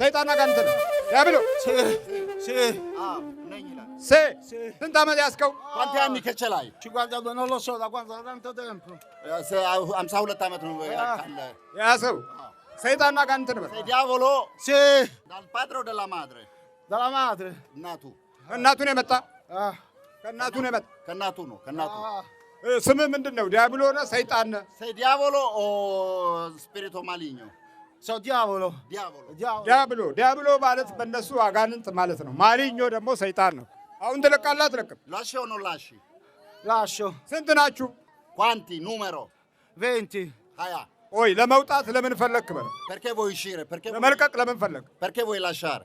ሰይጣን አጋንንት ነው። ያ ብሎ ስንት ዓመት ያስከው ኳንቲ ያኒ ከቸላይ አምሳ ሁለት ዓመት ነው ያሰው ሰይጣን አጋንንት ነው። ዲያቮሎ ፓትሮ ደላ ማድረ ደላ ማድረ እናቱ እናቱ ነው የመጣ ከእናቱ ነው የመጣ ከእናቱ ነው ከእናቱ ስም ምንድን ነው? ዲያብሎ ነው ሰይጣን ነው ዲያቮሎ ስፒሪቶ ማሊኞ ሰው ዲያብሎ ዲያብሎ ዲያብሎ ማለት በእነሱ አጋንንት ማለት ነው። ማሪኞ ደግሞ ሰይጣን ነው። አሁን ትለቃላ አትለቅም? ላሾ ነው ላሺ ላሾ። ስንት ናችሁ? ኳንቲ ኑመሮ ቬንቲ ሀያ ኦይ ለመውጣት ለምን ፈለክ? በለው ፐርኬ ቮይ ሺር ፐርኬ ለመልቀቅ ለምን ፈለክ? ፐርኬ ቮይ ላሻር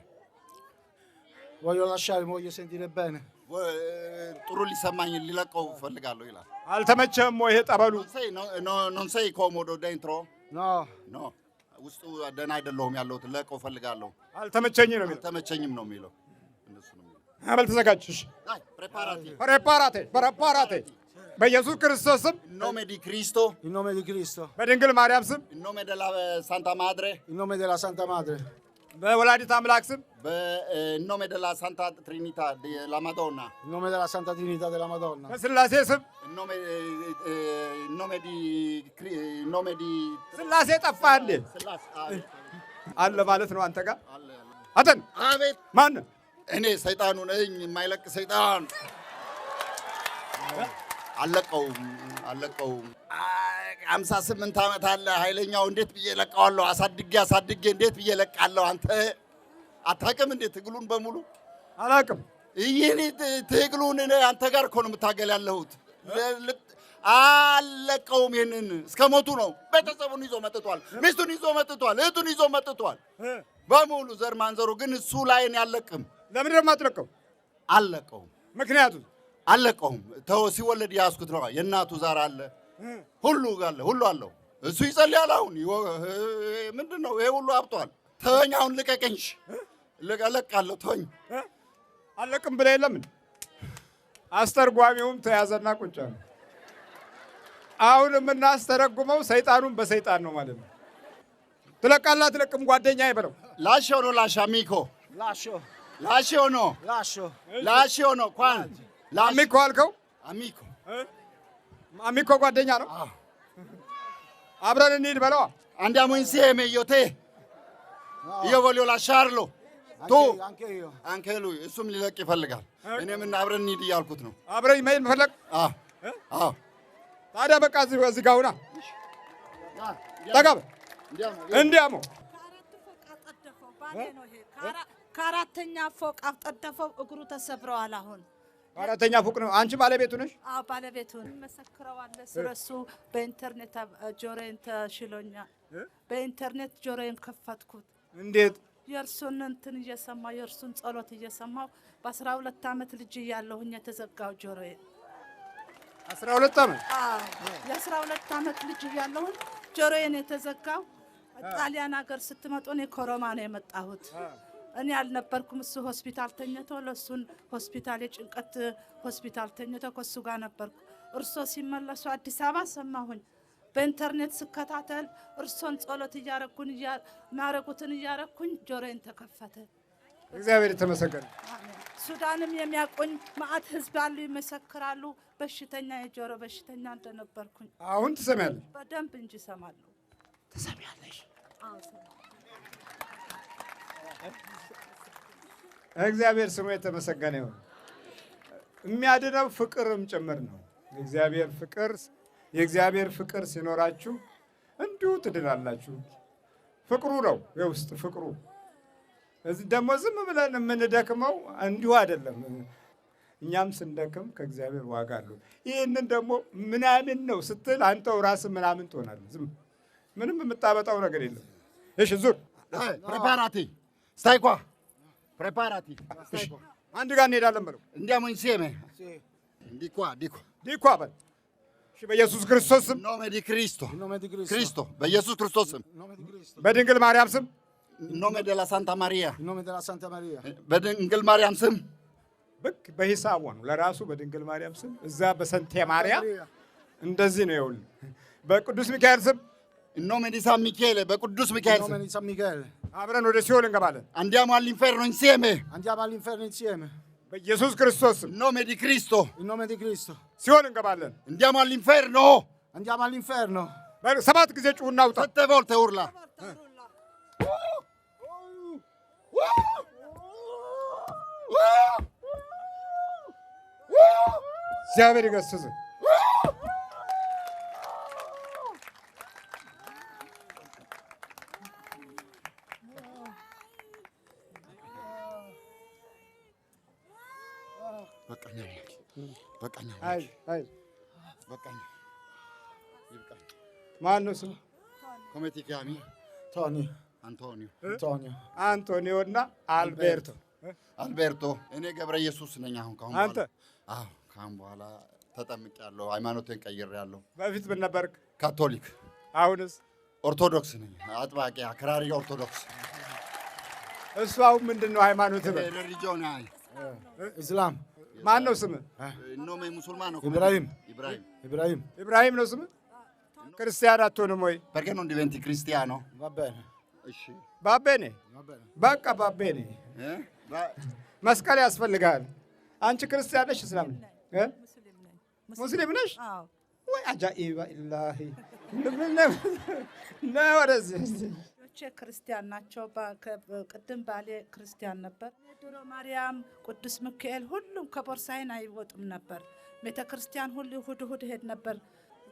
voglio lasciare voglio sentire bene ጥሩ ሊሰማኝ ሊለቀው ፈልጋለሁ ይላል። አልተመቸህም ወይ? ይሄ ጠበሉ ኖን ሰይ ኮሞዶ ደንትሮ ኖ ኖ ውስጡ ደህና አይደለሁም ያለሁት ለቀው ፈልጋለሁ። አልተመቸኝ ነው አልተመቸኝም ነው የሚለው እነሱ ነው የሚለው። አበል ተዘጋጅሽ። ፕሬፓራቴ ፕሬፓራቴ በኢየሱስ ክርስቶስ ስም ኢኖሜ ዲ ክሪስቶ ኢኖሜ ዲ ክሪስቶ በድንግል ማርያም ስም ኢኖሜ ደላ ሳንታ ማድሬ ኢኖሜ ደላ ሳንታ ማድሬ በወላዲት አምላክ ስም በኖሜ ኖሜ ደላ ሳንታ ትሪኒታ ላ ኖሜ ደላ ሳንታ ትሪኒታ ላ ማዶና ስም ኖሜ ዲ ስላሴ ጠፋ እንዴ? አለ ማለት ነው። አንተ ጋር አተን አቤት። ማን እኔ ሰይጣኑ ነኝ። የማይለቅ ሰይጣን አለቀውም አለቀውም። አምሳ ስምንት ዓመት አለ ኃይለኛው። እንዴት ብዬ ለቀዋለሁ? አሳድጌ አሳድጌ እንዴት ብዬ ለቃለሁ? አንተ አታውቅም እንዴ? ትግሉን በሙሉ አላውቅም። ይህን ትግሉን አንተ ጋር እኮ ነው የምታገል ያለሁት። አለቀውም። ይህንን እስከ ሞቱ ነው። ቤተሰቡን ይዞ መጥቷል። ሚስቱን ይዞ መጥቷል። እህቱን ይዞ መጥቷል። በሙሉ ዘር ማንዘሩ ግን እሱ ላይን ያለቅም። ለምን ደግሞ አትለቀው? አለቀውም። ምክንያቱ አለቀውም። ተው ሲወለድ ያስኩት ነው። የእናቱ ዛር አለ፣ ሁሉ አለ፣ ሁሉ አለው። እሱ ይጸልያል። አሁን ምንድን ነው ይሄ ሁሉ አብጧል። ተወኝ አሁን ልቀቀኝ። ልቀለቃለሁ። ተወኝ። አለቅም ብለህ የለም አስተርጓሚውም ተያዘና ቁጭ ነው። አሁን የምናስተረጉመው ሰይጣኑን በሰይጣን ነው ማለት ነው። ትለቃላ ትለቅም ጓደኛ ይበለው ላሽ ሆኖ ላሽ አሚኮ ላሽ ሆኖ ላሽ ሆኖ ኳን አሚኮ አልከው አሚኮ አሚኮ ጓደኛ ነው። አብረን እንሂድ በለዋ አንድ አሙንሴ ሜዮቴ እየቦሌላ ሻርሎ ቶ አንኬሉ እሱም ሊለቅ ይፈልጋል። እኔም እና አብረን እንሂድ እያልኩት ነው። አብረን መሄድ መፈለግ። አዎ ታዲያ በቃ እዚህ ጋር ሁና ጠጋብ እንዲያሞ ከአራተኛ ፎቅ አጠደፈው። እግሩ ተሰብረዋል። አሁን አራተኛ ፎቅ ነው። አንቺ ባለቤቱ ነሽ? አዎ ባለቤቱ ነኝ። መሰክረዋለሁ። ስለሱ በኢንተርኔት ጆሮዬን ተሽሎኛል። በኢንተርኔት ጆሮዬን ከፈትኩት። እንዴት የእርሱን እንትን እየሰማሁ የእርሱን ጸሎት እየሰማሁ በአስራ ሁለት ዓመት ልጅ እያለሁኝ የተዘጋው ጆሮዬ አስራ ሁለት ዓመት የአስራ ሁለት ዓመት ልጅ እያለሁኝ ጆሮዬን የተዘጋው ጣሊያን ሀገር ስትመጡ እኔ ኮሮማ ነው የመጣሁት። እኔ አልነበርኩም። እሱ ሆስፒታል ተኝቶ ለእሱን ሆስፒታል የጭንቀት ሆስፒታል ተኝቶ ከእሱ ጋር ነበርኩ። እርሶ ሲመለሱ አዲስ አበባ ሰማሁኝ። በኢንተርኔት ስከታተል እርሶን ጸሎት እያረኩን ማረጉትን እያረኩኝ ጆሮዬን ተከፈተ። እግዚአብሔር የተመሰገነ። ሱዳንም የሚያቆኝ ማአት ህዝብ አሉ፣ ይመሰክራሉ። በሽተኛ የጆሮ በሽተኛ እንደነበርኩኝ አሁን ትሰሚያለሽ በደንብ እንጂ እሰማለሁ። ትሰሚያለሽ። እግዚአብሔር ስሙ የተመሰገነ ይሁን። የሚያድነው ፍቅርም ጭምር ነው። እግዚአብሔር ፍቅር የእግዚአብሔር ፍቅር ሲኖራችሁ እንዲሁ ትድናላችሁ። ፍቅሩ ነው የውስጥ ፍቅሩ። ደግሞ ዝም ብለን የምንደክመው እንዲሁ አይደለም። እኛም ስንደክም ከእግዚአብሔር ዋጋ አሉ። ይህንን ደግሞ ምናምን ነው ስትል አንተው ራስ ምናምን ትሆናለህ። ዝም ምንም የምታመጣው ነገር የለም። እሺ ዙር ፕሬፓራቲ ስታይኳ ፕሬፓራቲ አንድ ጋር እንሄዳለን በለው እንዲያሞኝ ሴሜ ዲኳ ዲኳ ዲኳ በል በኢየሱስ ክርስቶስ ስም ክሪስቶ በኢየሱስ ክርስቶስ ስም በድንግል ማርያም ስም ኖሜ ዴላ ሳንታ ማሪያ በድንግል ማርያም ስም ብክ በሂሳቡ ነው ለራሱ በድንግል ማርያም ስም እዛ በሰንቴ ማሪያ እንደዚህ ነው። ይኸውልህ በቅዱስ ሚካኤል ስም ኖሜ ዲሳ ሚካኤል በቅዱስ ሚካኤል ስም አብረን ወደ ሲኦል እንገባለን። አንዲያሞ አልኢንፌርኖ ኢንሲኤሜ አንዲያሞ አልኢንፌርኖ ኢንሲኤሜ በኢየሱስ ክርስቶስ in nome di Cristo in nome di Cristo ሲሆን እንገባለን። andiamo all'inferno andiamo all'inferno ሰባት ጊዜ ጩኸና ውጣ። sette volte urla እግዚአብሔር ይገስጽ። በቃኝ በቃኝ። አይ አይ ማን ነው ስሙ? ኮሜቲ ጋሚ ቶኒ አንቶኒዮ አንቶኒዮ አንቶኒዮ እና አልቤርቶ አልቤርቶ። እኔ ገብረ ኢየሱስ ነኝ። አሁን ካሁን አንተ? አዎ ካሁን በኋላ ተጠምቄያለሁ። ሃይማኖቴን ቀይሬያለሁ። በፊት ምን ነበርክ? ካቶሊክ። አሁንስ? ኦርቶዶክስ ነኝ። አጥባቂ አክራሪ ኦርቶዶክስ። እሱ አሁን ምንድን ነው ሃይማኖት? ሪሊጂዮን እስላም ማን ነው ስም? ኢብራሂም ኢብራሂም ኢብራሂም ነው ስም። ክርስቲያን አትሆንም ወይ? ክርስቲያኖ ባቤኔ በቃ ባቤኔ መስቀል ያስፈልጋል። አንቺ ክርስቲያን ነሽ? እስላም ሙስሊም ነሽ ወይ? አጃኢባ ኢላሂ ወደዚህ ክርስቲያን ናቸው። ቅድም ባሌ ክርስቲያን ነበር። ዶሮ ማርያም፣ ቅዱስ ሚካኤል ሁሉም ከቦርሳይን አይወጡም ነበር። ቤተ ክርስቲያን ሁሉ እሁድ እሁድ ሄድ ነበር።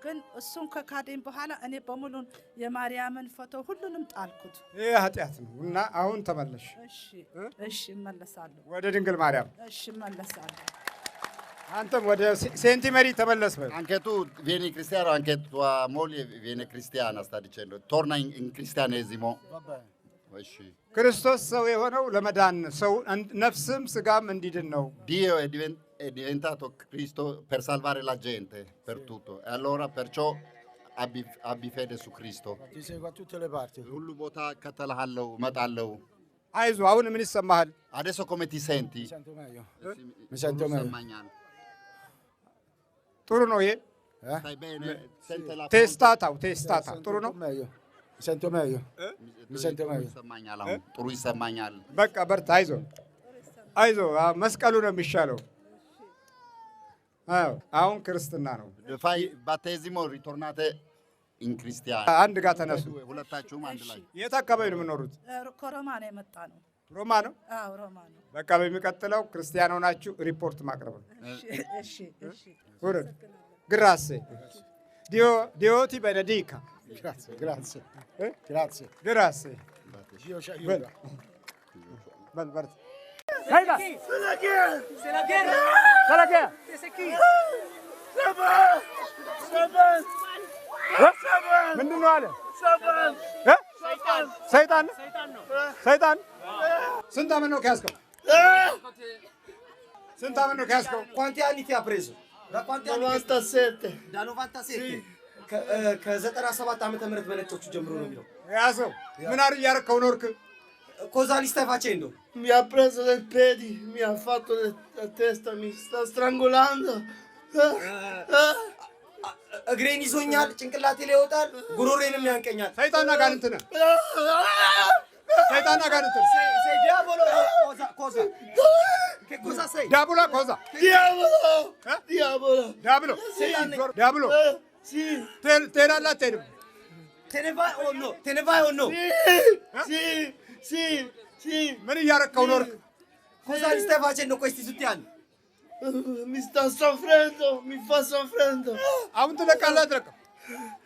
ግን እሱን ከካደኝ በኋላ እኔ በሙሉ የማርያምን ፎቶ ሁሉንም ጣልኩት። ይህ ኃጢአት ነው እና አሁን ተመለሽ። እሺ እመለሳለሁ፣ ወደ ድንግል ማርያም። እሺ እመለሳለሁ። አንተም ወደ ሴንቲ መሪ ተመለስ። አንኬቱ ቬኒ ክርስቲያን አንኬቱ ሞል ቬኒ ክርስቲያን አስታድቼ ቶርና ክርስቲያን ዚሞ ክርስቶስ ሰው የሆነው ለመዳን ሰው ነፍስም ስጋም እንዲድን ነው። ዲዮ è diventato Cristo per salvare la gente, per tutto. E allora perciò abbi, abbi fede su Cristo. ሁሉ ቦታ እከተልሃለሁ፣ እመጣለሁ። አይዞ አሁን ምን ይሰማሃል? adesso come ti senti? Mi sento meglio. ጥሩ ነው ይሄ። ስታይ በኔ ቴስታታው ቴስታታ ጥሩ ነው። ስንቱ መዮ ስንቱ መዮ ይሰማኛል። አሁን ጥሩ ይሰማኛል። በቃ በርታ፣ አይዞ አይዞ። መስቀሉ ነው የሚሻለው። አሁን ክርስትና ነው። ባቴዚሞ ሪቶርናቴ ኢንክሪስቲያን አንድ ጋር ተነሱ። ሁለታችሁም አንድ ላይ። የት አካባቢ ነው የምኖሩት? ሮማ ነው የመጣ ነው። ሮማ ነው። በቃ በሚቀጥለው ክርስቲያን ሆናችሁ ሪፖርት ማቅረብ ነው። ግራሴ ዲዮቲ በነዲካ Grazie, grazie. Eh? Grazie. Grazie. Io c'ho io. Bello. Bello, guarda. Venga! Se la guerra! Se la guerra! Se la guerra! Se chi? Saban! Saban! Saban! ምንድን ነው አለ? ሰይጣን ሰይጣን ሰይጣን ስንት ዓመት ነው ከያዝከው? ስንት ዓመት ነው ከያዝከው? ኳንቲ አሊቲ አፕሬዞ da quanti anni? 97 da 97 sì. ከዘጠና ሰባት ዓመተ ምህረት በነጮቹ ጀምሮ ነው የሚለው። ያ ሰው ምን አር እያረከው ኖርክ? ኮዛሊ ስተፋቼ ነው ሚያፕሬሶ del piedi mi ha fatto la testa እግሬን ይዞኛል፣ ጭንቅላቴ ላይ ይወጣል፣ ጉሮሬንም ያንቀኛል። ሰይጣና ጋር እንትን ሰይጣና ጋር እንትን ዲያቦሎ ኮዛ ዳቡላ ኮዛ ዲያቦሎ Sì. Te, te la terra. Te ne vai o no? Te ne vai o no? Sì. Eh? Sì. Sì. Sì. Me ne iarca un'ora. Sì. Cosa gli eh. stai facendo questi tutti anni? Eh, mi sta soffrendo, mi fa soffrendo. Avuto la calatraca.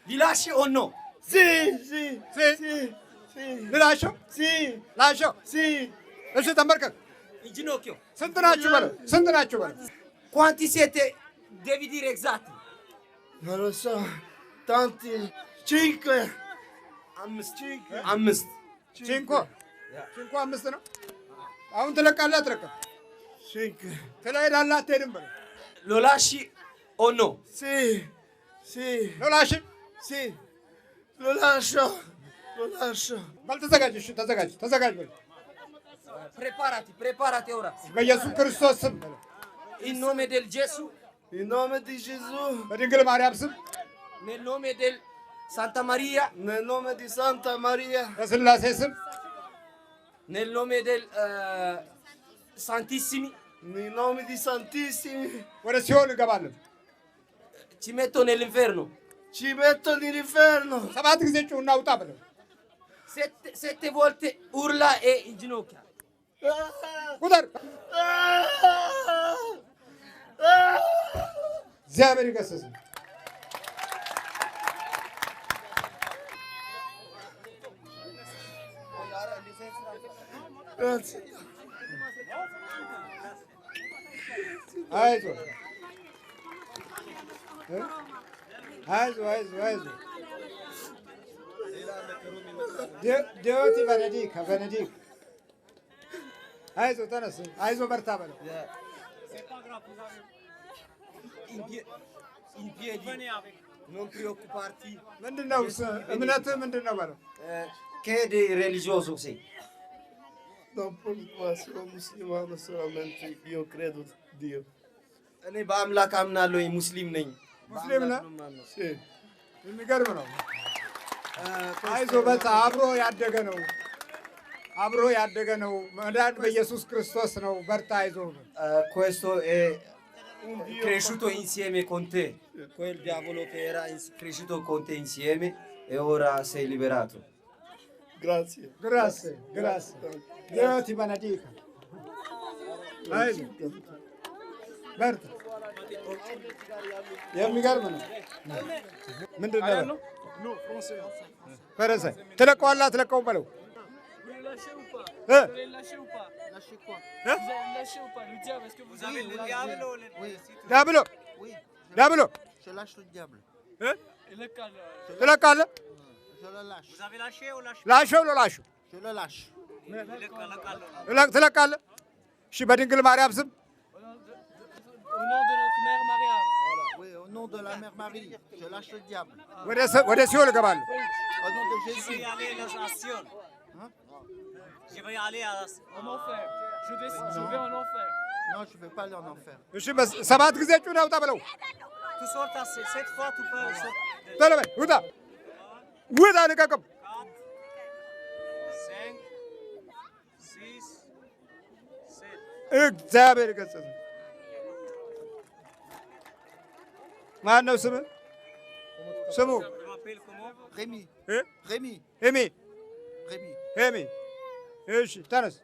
Li lasci o no? Sì, sì. Sì. Sì. sì. Li lascio? Sì. Lascio? Sì. Lascio tambarca. In ginocchio. Sento un Quanti siete? Devi dire esatti. ሰላሳ ታንቲ ቺንኮ አምስት ቺንኮ አምስት ቺንኮ ቺንኮ አምስት ነው። አሁን ትለቃለህ አትለቅም? ቺንኮ ትለሄዳለህ አትሄድም? በለው ሎላሺ ኦኖ ሲ ሲ ሎላሺ ሲ ሎላሾ ሎላሾ በል ተዘጋጅ። እሺ ተዘጋጅ፣ ተዘጋጅ በል ፕሬፓራቲ ፕሬፓራቲ ኦራ በኢየሱስ ክርስቶስ ስም ኢን ኖሜ ዴል ጄሱ በድንግል ማርያም ስም ሳንታ ማሪያ ኔሎሜ ዲ ሳንታ ማሪያ በስላሴ ስም ኔሎሜ ዴል ሳንቲሲሚ ኔሎሜ ዲ ሳንቲሲሚ ወደ ሲኦል እንገባለን። ቺሜቶ ኔልኢንፌርኖ ቺሜቶ ኔልኢንፌርኖ ሰባት ጊዜ ጩኸና ውጣ ብለው ሴት ቮልቴ ኡርላ ኤ ኢንጂኖኪያ ቁጥር जय अमेरिका से Aizu. Aizu, aizu, aizu. Deoti Benedica, Benedica. Aizu, tănăsă. Aizu, bărtabă. Yeah. non ፕሪኦኩፓርቲ ምንድን ነው? እምነትህ ምንድን ነው በለው። ከሄድ ሬሊጂዮሶ ሴ እኔ በአምላክ አምናለሁ፣ ሙስሊም ነኝ። ሙስሊም ነህ? የሚገርም ነው። አይዞህ በቃ አብሮ ያደገ ነው አብሮ ያደገ ነው። መዳን በኢየሱስ ክርስቶስ ነው። በርታ፣ አይዞህ። cresciuto insieme con te. Quel diavolo che era cresciuto con te insieme e ora sei liberato. Grazie. Grazie, grazie. Dio ti benedica. Berta. Yem migarmana. ምንድን ነው? ፈረሰ ትለቀዋላ ትለቀው በለው Lâchez quoi hein? Vous allez lâcher ou pas le diable Est-ce que vous, avez le diable ou le oui. diable Oui. Diable Je lâche le diable. Hein Et le calme Je euh, le cale Je le lâche. Vous avez lâché ou lâché Lâche ou le lâche Je le lâche. Je le calme. Je suis Badingel Mariamsum. Au nom de notre mère Mariam. au nom de la mère Marie, je lâche le diable. Au nom de Jésus. Je vais aller à... en enfer. Je, vais... je vais en enfer. Non, je ne vais pas aller en enfer. Monsieur, ça va attriser tout au tableau. Tu sors ta hein, cette fois, tu peux sortir. Talabé, Où est les gars, 4, 5, 6, 7. Exactement, les gars. Maintenant, c'est bon. C'est bon. Je m'appelle comment Rémi. Hein Rémi. Rémi. Rémi. Rémi. እሺ ተነስ።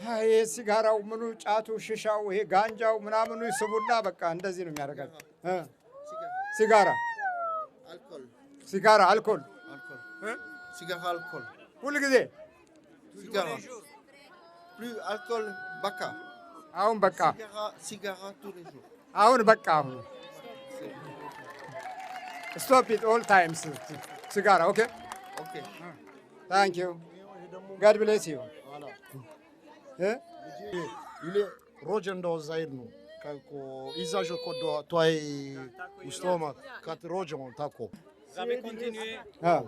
ይሄ ሲጋራው ምኑ ጫቱ ሽሻው ይሄ ጋንጃው ምናምኑ ስቡና በቃ እንደዚህ ነው የሚያደርጋቸው። ሲጋራ ሲጋራ አልኮል ሁል ጊዜ በቃ አሁን በቃ አሁን በቃ አሁን ስቶፕ ኢት ኦል ታይምስ ሲጋራ ኦኬ Okay. Thank you. God bless you. Eh? Ile rojendo zairnu kako izajo ko do toj u stomak kad rođemo tako. Zabe continue. Ha.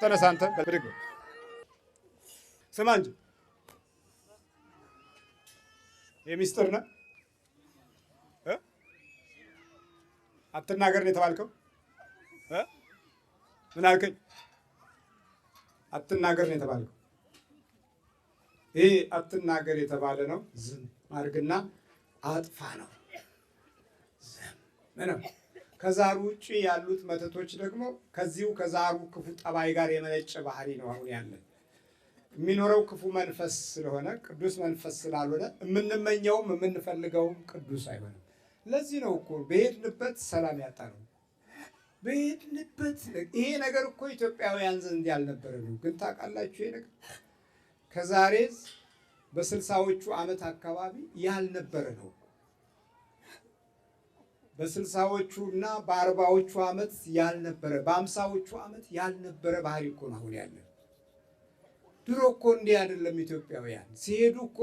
Tana santa, brigo. Semanji. የሚስጥር ነው አትናገር ነው የተባልከው ምን አልከኝ? አትናገር ነው የተባለው። ይህ አትናገር የተባለ ነው ዝም ማድረግና አጥፋ ነው ምንም ከዛሩ ውጭ ያሉት መተቶች ደግሞ ከዚሁ ከዛሩ ክፉ ጠባይ ጋር የመነጨ ባህሪ ነው አሁን ያለን የሚኖረው ክፉ መንፈስ ስለሆነ ቅዱስ መንፈስ ስላልሆነ የምንመኘውም የምንፈልገውም ቅዱስ አይሆንም። ለዚህ ነው እኮ በሄድንበት ሰላም ያጣ ነው። በሄድንበት ይሄ ነገር እኮ ኢትዮጵያውያን ዘንድ ያልነበረ ነው። ግን ታውቃላችሁ ይሄ ነገር ከዛሬ በስልሳዎቹ ዓመት አካባቢ ያልነበረ ነው። በስልሳዎቹ እና በአርባዎቹ ዓመት ያልነበረ፣ በአምሳዎቹ ዓመት ያልነበረ ባህሪ እኮ ነው አሁን ያለ። ድሮ እኮ እንዲህ አይደለም። ኢትዮጵያውያን ሲሄዱ እኮ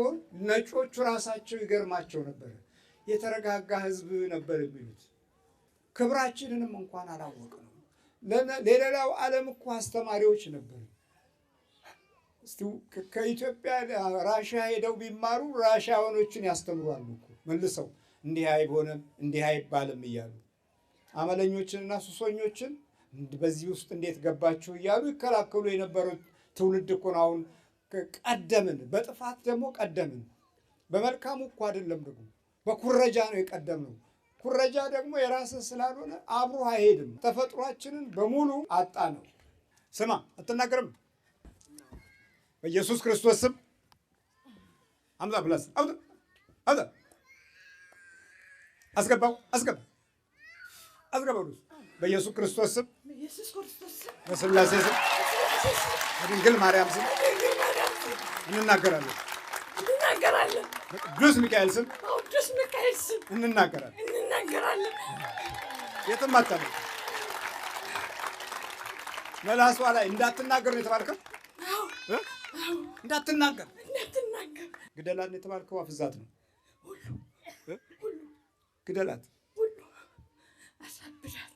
ነጮቹ ራሳቸው ይገርማቸው ነበረ። የተረጋጋ ህዝብ ነበር የሚሉት ክብራችንንም እንኳን አላወቅነው። ለሌላው ዓለም እኮ አስተማሪዎች ነበር። እስቲ ከኢትዮጵያ ራሽያ ሄደው ቢማሩ ራሽያኖችን ያስተምሯሉ እኮ መልሰው እንዲህ አይሆንም እንዲህ አይባልም እያሉ አመለኞችንና ሱሰኞችን በዚህ ውስጥ እንዴት ገባችሁ እያሉ ይከላከሉ የነበሩት ትውልድ እኮ ነው። አሁን ቀደምን፣ በጥፋት ደግሞ ቀደምን። በመልካሙ እኮ አይደለም ደግሞ በኩረጃ ነው የቀደምነው። ኩረጃ ደግሞ የራስ ስላልሆነ አብሮ አይሄድም። ተፈጥሯችንን በሙሉ አጣ ነው። ስማ፣ አትናገርም። በኢየሱስ ክርስቶስ ስም አምጣ፣ ብላስ፣ አምጣ፣ አስገባው፣ አስገባ፣ አስገባው። በኢየሱስ ክርስቶስ ስም፣ በስላሴ ስም፣ በድንግል ማርያም ስም እንናገራለን። እንናገራለን። ቅዱስ ሚካኤል ስም ቅዱስ ሚካኤል ስም እንናገራለን እንናገራለን። የትም አታለ መላሷ ላይ እንዳትናገር ነው የተባልከው። እንዳትናገር እንዳትናገር። ግደላት ነው የተባልከው። አፍዛት ነው ግደላት አሳብዳት።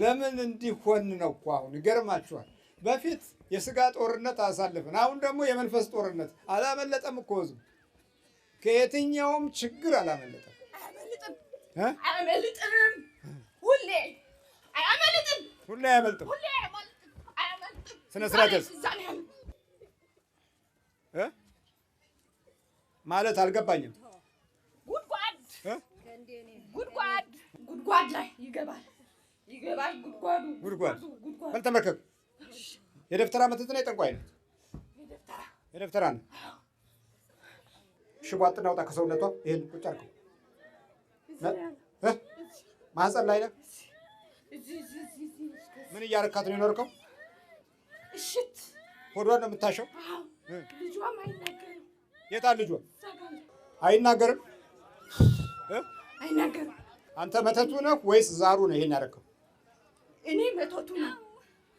ለምን እንዲሆን ነው እኮ አሁን ይገርማችኋል። በፊት የስጋ ጦርነት አሳልፈን፣ አሁን ደግሞ የመንፈስ ጦርነት። አላመለጠም እኮ ህዝቡ። ከየትኛውም ችግር አላመለጠም። አያመልጥም። ሁሌ አያመልጥም። ሁሌ አያመልጥም። ስነ ስርዓት ማለት አልገባኝም። ጉድጓድ ጉድጓድ ጉድጓድ ላይ ይገባል ይገባል። ጉድጓዱ ጉድጓድ በል ተመርከክ። የደብተራ መተትና የጠንቋይ ነው። የደብተራ ነው ሽጓጥ አጥናውጣ ከሰውነቷ ይሄን ቁጭ አድርገው ማህፀን ላይ ነህ። ምን እያረካት ነው የኖርከው? እሽት ሆዷን ነው የምታሸው። የታ ልጇ አይናገርም። አንተ መተቱ ነህ ወይስ ዛሩ ነው ይሄን ያረከው? እኔ መተቱ ነው።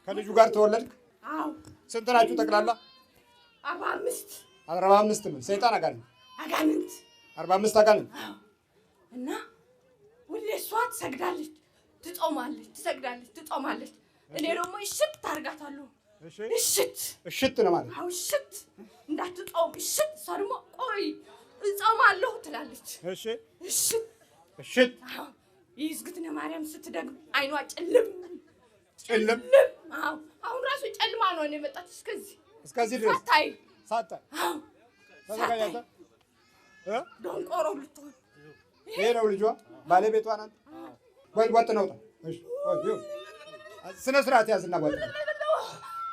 ከልጁ ጋር ተወለድክ? ስንት ናችሁ ጠቅላላ? አርባ አምስት አርባ አምስት ምን ሰይጣን አጋር ነው አጋንንት አርባ አምስት አጋንንት እና ሁሌ እሷ ትሰግዳለች፣ ትጦማለች ትሰግዳለች፣ ትጦማለች። እኔ ደግሞ እሽት ታርጋታለሁ። እሽት እሽት ነው ማለት አዎ፣ እሽት እንዳትጦም እሽት። እሷ ደግሞ ቆይ እጾማለሁ ትላለች። እሺ እሽት እሽት የእግዝእትነ ማርያም ስትደግም አይኗ ጭልም ጭልም። አዎ አሁን ራሱ ጨልማ ነው የመጣች እስከዚህ እስከዚህ ድረስ ሳታይ ሳታይ ደንቆሮ ልትሆን ይሄ ነው ልጇ፣ ባለቤቷ ናት። ወይ ጓጥ ነው ስነ ስርዓት ያዝና ጓጥ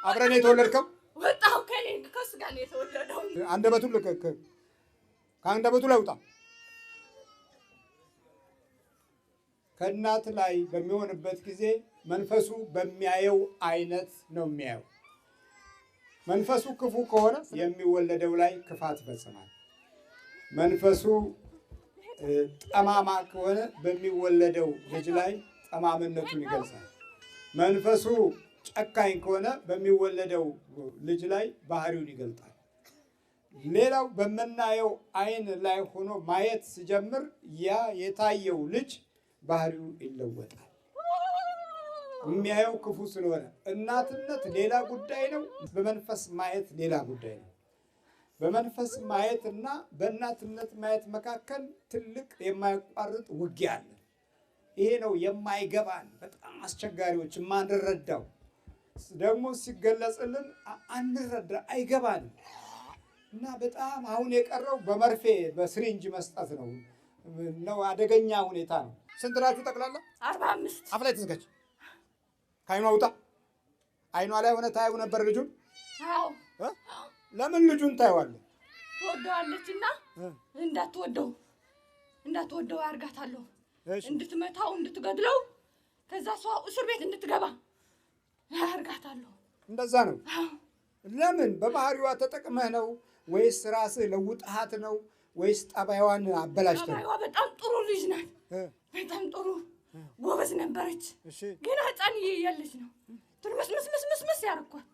አብረን የተወለድከው ወጣሁ ከኔ ከሱ ጋር የተወለደው። አንደበቱ ልክ ከአንደበቱ ለውጣ ከእናት ላይ በሚሆንበት ጊዜ መንፈሱ በሚያየው አይነት ነው የሚያየው። መንፈሱ ክፉ ከሆነ የሚወለደው ላይ ክፋት ይፈጽማል። መንፈሱ ጠማማ ከሆነ በሚወለደው ልጅ ላይ ጠማምነቱን ይገልጻል። መንፈሱ ጨካኝ ከሆነ በሚወለደው ልጅ ላይ ባህሪውን ይገልጣል። ሌላው በምናየው አይን ላይ ሆኖ ማየት ሲጀምር ያ የታየው ልጅ ባህሪው ይለወጣል። የሚያየው ክፉ ስለሆነ እናትነት ሌላ ጉዳይ ነው። በመንፈስ ማየት ሌላ ጉዳይ ነው። በመንፈስ ማየት እና በእናትነት ማየት መካከል ትልቅ የማይቋርጥ ውጊያ አለ። ይሄ ነው የማይገባን በጣም አስቸጋሪዎች የማንረዳው ደግሞ ሲገለጽልን አንረዳ አይገባን እና በጣም አሁን የቀረው በመርፌ በስሪንጅ መስጠት ነው ነው አደገኛ ሁኔታ ነው። ስንት ናችሁ ጠቅላላ? አርባ አምስት አፍ ላይ ተዘጋጅ። ከአይኗ ውጣ። አይኗ ላይ ሆነ ታየው ነበር ልጁን ለምን ልጁን ታይዋለህ? ትወደዋለችና እንዳትወደው እንዳትወደው አርጋታለሁ። እንድትመታው እንድትገድለው፣ ከዛ ሰው እስር ቤት እንድትገባ አርጋታለሁ። እንደዛ ነው። ለምን በባህሪዋ ተጠቅመህ ነው ወይስ ራስህ ለውጥሃት ነው ወይስ ጠባይዋን አበላሽተህ? ጠባይዋ በጣም ጥሩ ልጅ ናት። በጣም ጥሩ ጎበዝ ነበረች። ገና ሕፃን እያለች ነው ትርምስምስምስምስ ያደረኳት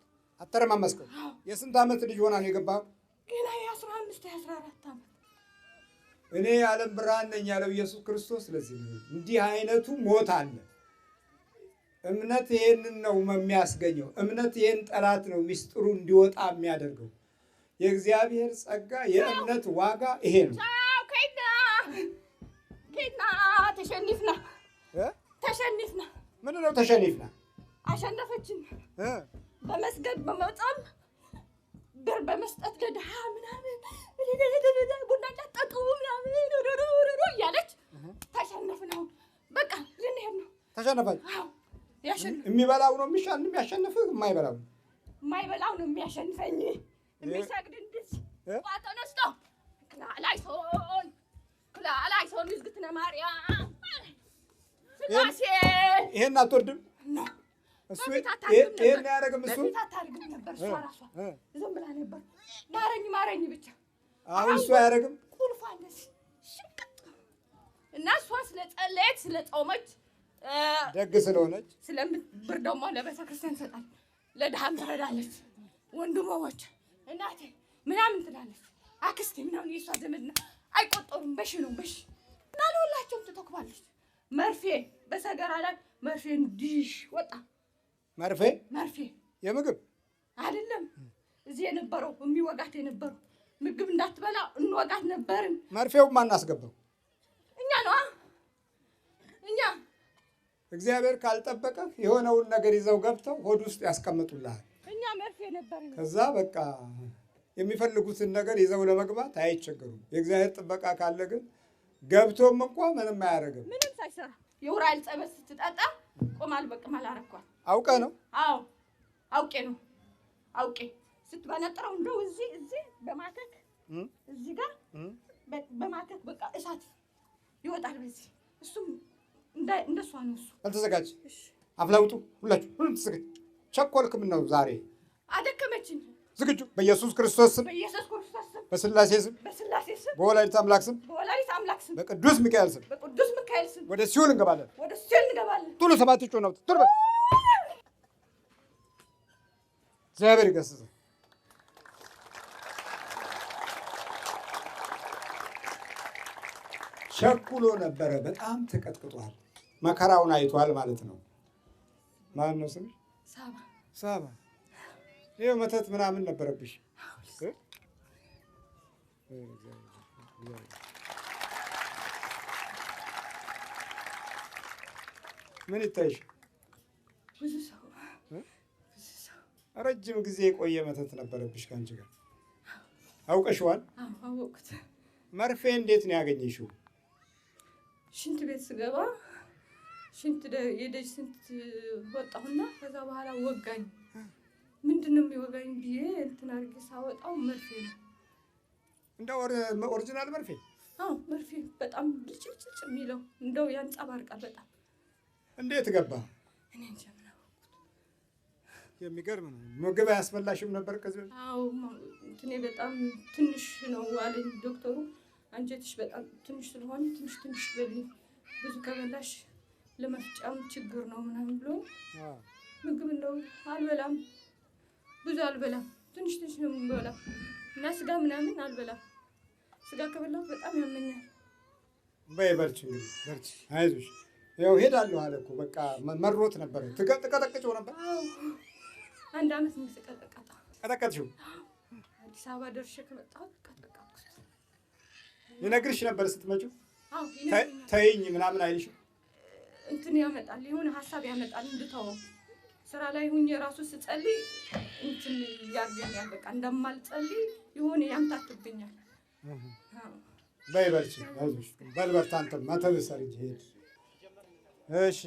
አተረማመስከው የስንት ዓመት ልጅ ሆና ነው የገባው? ገና የአስራ አምስት የአስራ አራት ዓመት እኔ የዓለም ብርሃን ነኝ ያለው ኢየሱስ ክርስቶስ። ስለዚህ እንዲህ አይነቱ ሞት አለ። እምነት ይሄንን ነው የሚያስገኘው። እምነት ይሄን ጠላት ነው ሚስጥሩ እንዲወጣ የሚያደርገው። የእግዚአብሔር ጸጋ፣ የእምነት ዋጋ ይሄ ነው። ተሸኒፍና ምንድን ነው ተሸኒፍና አሸነፈችን በመስገድ በመውጣም ብር በመስጠት ለድሃ ምናምን ቡና ጫጠጡ ምናምን እያለች ተሸነፍን። በቃ ልንሄድ ነው። የሚበላው ነው የሚሻል የማይበላው የማይበላው ነው የሚያሸንፈኝ። የሚሰግድ ተነስቶ ክላላይሶን ክላላይሶን ዝግትነ ማርያም ስላሴ ይሄን አትወርድም እሱ ነበር። እሷ ዝም ብላ ነበር። ማረኝ ማረኝ ብቻ። አሁን እሱ አያደርግም። ቁልፏ እንደዚህ እና እሷ ስለጸለየች ስለጾመች ደግ ስለሆነች ስለምትብር ደግሞ ለቤተክርስቲያን ትሰጣለች ለድሃም ትረዳለች፣ ወንድሞች እናቴ ምናምን ትላለች፣ አክስቴ ምናምን የእሷ ዘመድና አይቆጠሩም። በሽ ነው በሽ እና ለሁላቸውም ትተኩባለች። መርፌ በሰገራ ላይ መርፌ እንዲሽ ወጣ መርፌ መርፌ የምግብ አይደለም። እዚህ የነበረው የሚወጋት የነበረው ምግብ እንዳትበላ እንወጋት ነበርን። መርፌው ማን አስገባው? እኛ ነዋ እኛ። እግዚአብሔር ካልጠበቀ የሆነውን ነገር ይዘው ገብተው ሆድ ውስጥ ያስቀምጡልሃል። እኛ መርፌ ነበር። ከዛ በቃ የሚፈልጉትን ነገር ይዘው ለመግባት አይቸገሩም። የእግዚአብሔር ጥበቃ ካለ ግን ገብቶም እንኳ ምንም አያደርግም። ምንም ሳይሰራ የውራይል ጸበል ስትጠጣ ቆማል። በቅም አላረኳት አውቀ ነው? አዎ አውቄ ነው። አውቄ ስትበነጥረው እንደው እዚህ እዚህ በማተክ እዚህ ጋር በማተክ በቃ እሳት ይወጣል። በዚህ እሱም እንደሷ ነው። እሱ አልተዘጋጅ አፍላውጡ ሁላችሁ ሁሉም ተዘጋጅ። ቸኮልክ ምነው ዛሬ አደከመችኝ። ዝግጁ በኢየሱስ ክርስቶስ ስም በኢየሱስ ክርስቶስ ስም በስላሴ ስም በስላሴ ስም በወላዲተ አምላክ ስም በወላዲተ አምላክ ስም በቅዱስ ሚካኤል ስም በቅዱስ ሚካኤል ስም ወደ ሲኦል እንገባለን። ወደ ሲኦል እንገባለን። ቶሎ ሰባት ጮህ ነው። እግዚአብሔር ይገስጽ። ቸኩሎ ነበረ። በጣም ተቀጥቅጧል። መከራውን አይቷል ማለት ነው። ማን ነው ስም? ሳባ። ይህ መተት ምናምን ነበረብሽ። ምን ይታይሽ? ረጅም ጊዜ የቆየ መተት ነበረብሽ ከአንቺ ጋር አውቀሽዋል? አወቅኩት። መርፌ እንዴት ነው ያገኘሽው? ሽንት ቤት ስገባ ሽንት የደጅ ስንት ወጣሁና ከዛ በኋላ ወጋኝ። ምንድነው የሚወጋኝ ብዬ እንትን አድርጌ ሳወጣው መርፌ ነው። ኦሪጂናል መርፌ? መርፌ። በጣም ልጭልጭ የሚለው እንደው ያንጸባርቃል በጣም። እንዴት ገባ? እኔ እንጃ የሚገርም ነው። ምግብ አያስበላሽም ነበር ከዚህ? አዎ እንትኔ በጣም ትንሽ ነው አለኝ ዶክተሩ። አንጀትሽ በጣም ትንሽ ስለሆነ ትንሽ ትንሽ በል፣ ብዙ ከበላሽ ለመፍጫም ችግር ነው ምናምን ብሎ ምግብ እንደው አልበላም፣ ብዙ አልበላም፣ ትንሽ ትንሽ ነው የምበላው እና ስጋ ምናምን አልበላም። ስጋ ከበላሁ በጣም ያመኛል። በይ በርቺ፣ በርቺ፣ አይዞሽ። ያው ሄዳለሁ አለ እኮ በቃ መሮት ነበር ትቀጥቅጭው ነበር አንድ አመት ነው የተቀጠቀጠ። ቀጠቀጥሽው? አዲስ አበባ ደርሼ ከመጣሁ ቀጠቀጥኩት። ይነግርሽ ነበር ስትመጪው? ተይኝ ምናምን አይልሽም? እንትን ያመጣል የሆነ ሀሳብ ያመጣል እንድተወው ስራ ላይ ሁኜ ራሱ ስጸልይ እንትን ያገኛል። በቃ እንደማልጸልይ የሆነ ያምታትብኛል። በይ በርቺ፣ በል በርታ፣ ሄድ። እሺ